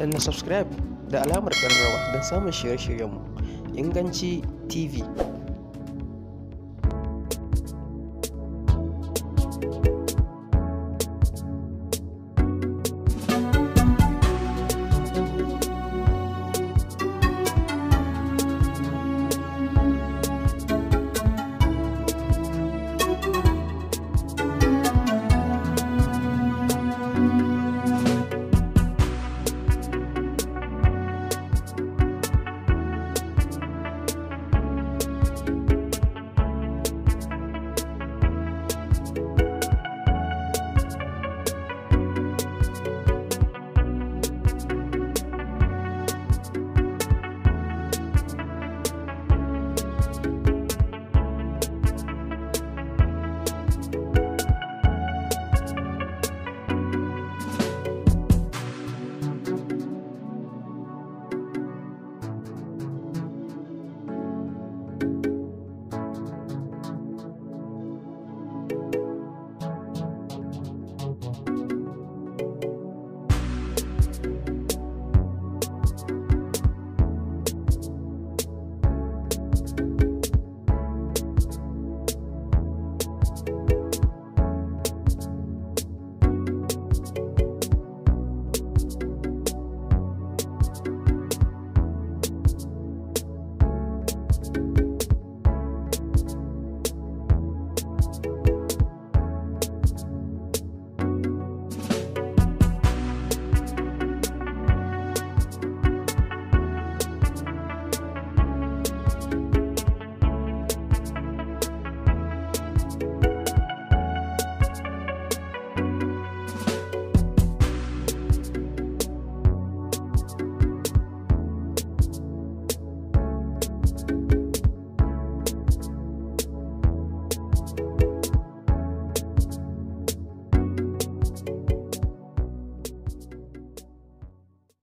na subscribe da alamar rawa don samun shirye-shiryenmu inganci tv